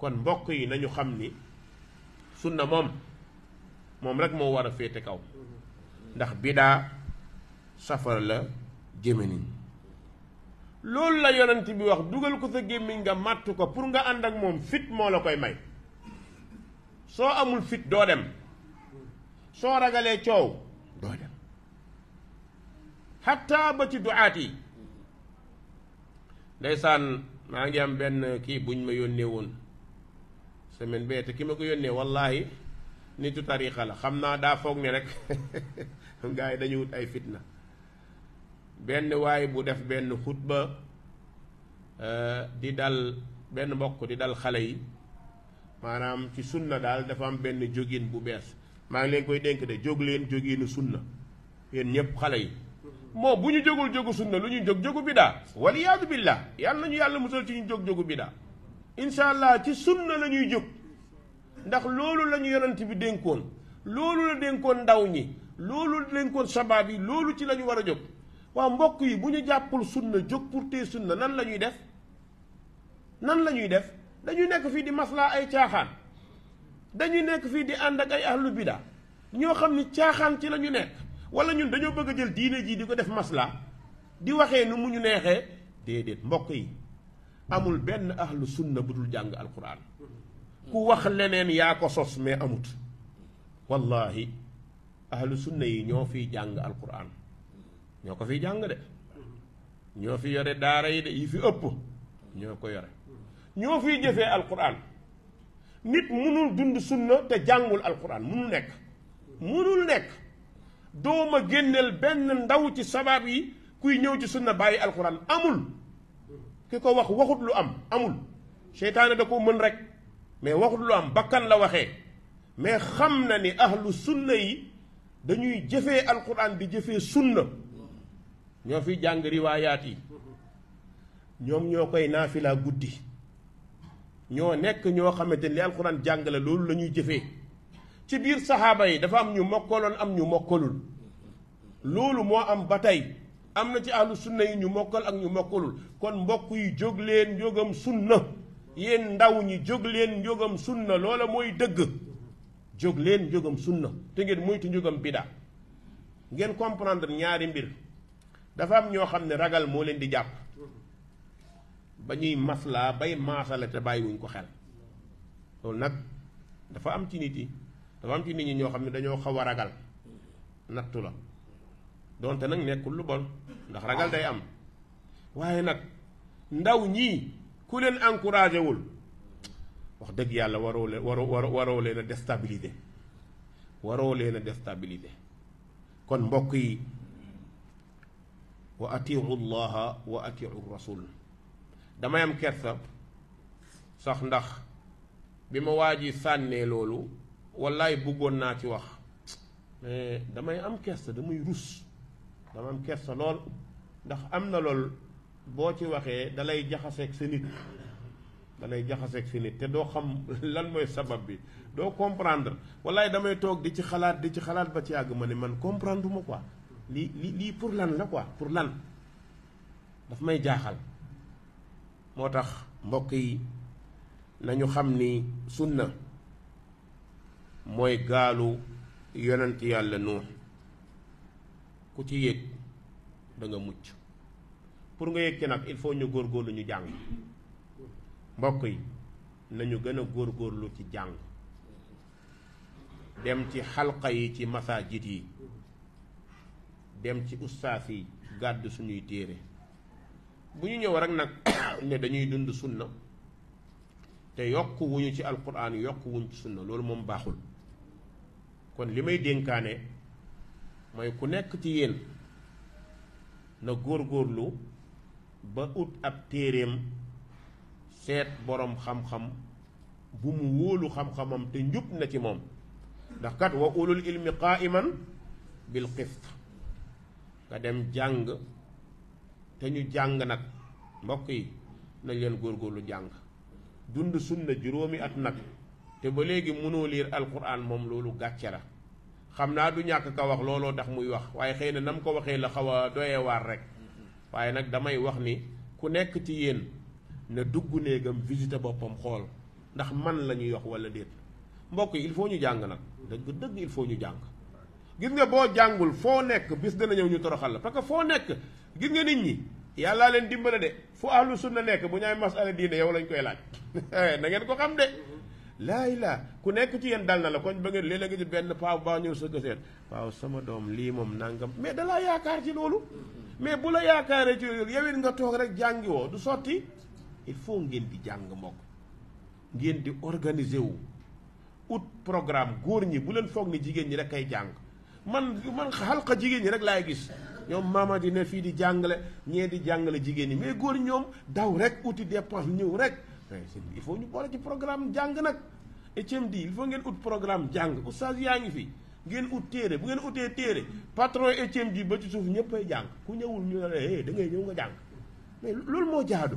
kon mbokk yi nañu xam ni sunna moom moom rek moo war a féete kaw ndax bidaa safara la gémmiñ loolu la yonent bi wax dugal ko sa gémmiñ nga màtt ko pour nga ànd ak moom fit moo la koy may soo amul fit doo dem soo ragalee coow doo xatta ba ci duaat yi ndeysaan maa ngi am benn kii buñ ma yónnee woon semaine bee te ki ma ko yónnee wallaahi nitu tariixa la xam naa daa foog ne rek gars yi dañu wut ay fitna benn waay bu def benn xutba euh, di dal benn mbokk di dal xale yi maanaam ci sunna daal dafa am benn jógin bu bees maa ngi leen koy dénk de jóg leen jóginu sunna yéen ñëpp xale yi moo bu ñu jógul jógu sunna lu ñu jóg jógu biddaa waliyaadu billaah yàlla nañu yàlla musal ci ñu jóg jógu biddaa incha allah ci sunna la ñuy jóg ndax loolu la ñu bi dénkoon loolu la dénkoon ndaw ñi loolu la dénkoon sabaab yi loolu ci la ñu war a jóg waaw mbokk yi bu ñu jàppul sunna jóg pour tey sunna nan la ñuy def nan la ñuy def dañuy nekk fii di maslaa ay caaxaan dañuy nekk fii di ànd ak ay ahlu bida ñoo xam ni caaxaan ci la ñu nekk wala ñun dañoo bëgg jël diine jii di ko def maslaa di waxee nu mu ñu neexee déedéet mbokk yi amul ben ahlu sunna budul jàng alquran ku wax leneen yaa ko sos mais amut wallahi ahlu sunna yi ñoo fi jàng alquran ñoo ko fi jàng de ñoo fi yore daara yi de yi fi ëpp ñoo ko yore ñoo fi jëfee alquran nit munul dund sunna te jàngul alquran munul nekk munul nekk dooma gennel benn ndaw ci sabab yi kuy ñëw ci sunna bàyyi alquran amul ki ko wax waxut lu am amul seytaane da ko mën rek mais waxut lu am bakkan la waxee mais xam na ni ahlu sunna yi dañuy jëfee alquran di jëfe sunna ñoo fi jàng riwaayaat yi ñoom ñoo koy naafilaa guddi ñoo nekk ñoo xamante ni li alquran jàngale loolu la ñuy jëfee ci biir saxaaba yi dafa am ñu mokkaloon am ñu mokkalul loolu moo am ba tey am na ci ahlu sunna yi ñu mokkal ak ñu mokkalul kon mbokk yi jóg leen njógam sunna yéen ndaw ñi jóg leen njógam sunna loola mooy dëgg jóg leen njógam sunna te ngeen moytu njógam bida ngeen comprendre ñaari mbir dafa am ñoo xam ne ragal moo leen di jàpp ba ñuy maslaa bay maasala te bàyyiwuñ ko xel loolu nag dafa am ci nit yi dafa am ci nit ñi ñoo xam ne dañoo xaw a ragal nattu la donte nak nekul lu bon ndax ragal day am waye nak ndaw ñi ku len encourager wul wax deug yàlla waroo leen waro waro le na déstabiliser waro le na déstabiliser kon mbokk yi wa atiu allah wa atiu rasul damay am kersa sax ndax bima waji sanne lolou wallahi loolu na ci wax mais damay am kersa damay rus dama am kersa lool ndax am na lool boo ci waxee dalay jaxaseeg sa nit dalay jaxaseeg sa nit te doo xam lan mooy sabab bi doo comprendre wallaay damay toog di ci xalaat di ci xalaat ba ci àgg ma ne man comprendre ma ko lii lii pour lan la ko pour lan daf may jaaxal moo tax mbokk yi nañu xam ni sunna mooy gaalu yonent yàlla nuux ku ci yéeg danga mucc pour nga yéeg ci nag il faut ñu góor góorgóorlu ñu jàng mbokk yi nañu gën a góorlu ci jàng dem ci xalqa yi ci jiit yi dem ci ustaas yi gàdd suñuy téere bu ñu ñëw rek nag ne dañuy dund sunna te yokk wuñu ci alquran yokk wuñ ci sunna loolu moom baaxul kon li may dénkaane mooy ku nekk ci yéen na góorgóorlu ba ut ab téeréem seet boroom xam-xam bu mu wóolu xam-xamam te njub na ci moom ndax kat wa ulul ilmi qaaiman bil qist nga dem jàng te ñu jàng nag mbokk yi nañ leen góorlu jàng dund sunna juróomi at nag te ba léegi mënoo liir alquran moom loolu gàcce la xam naa du ñàkk ka wax looloo tax muy wax waaye xëy na nam ko waxee la xaw a doyee waar rek waaye nag damay wax ni ku nekk ci yéen na dugg néegam visité boppam xool ndax man la yox wax wala déet mbokk yi il faut ñu jàng nag dëgg dëgg il faut ñu jàng gis nga boo jàngul foo nekk bis dana ñëw ñu toroxal la parce que foo nekk gis nga nit ñi yàllaa leen dimbale de fu ahlu na nekk bu ñaay masala diine yow lañ koy laaj eh, na ngeen ko xam de laay laa ku nekk ci yéen dal na la koñ ba ngeen léeg-léeg benn paa baa ñëw sa gëseet waaw sama doom lii moom nangam mais dalaa yaakaar ci loolu mais bu la yaakaaree ci loolu yow it nga toog rek jàngi woo du sotti il faut ngeen di jàng mbokk ngeen di organiser wu ut programme góor ñi bu leen foog ni jigéen ñi rek kay jàng man man xalqa jigéen ñi rek laay gis ñoom maama di ne fii di jàngale ñee di jàngale jigéen ñi mais góor ñoom daw rek uti dépense ñëw rek il faut ñu boole ci programme jàng nag HMD il faut ngeen ut programme jàng oustaz yaa ngi fi ngeen ut téere bu ngeen utee téere patron HMD ba ci suuf ñëppay jàng ku ñëwul ñu ne la eh, da ngay ñëw nga jàng mais loolu moo jaadu.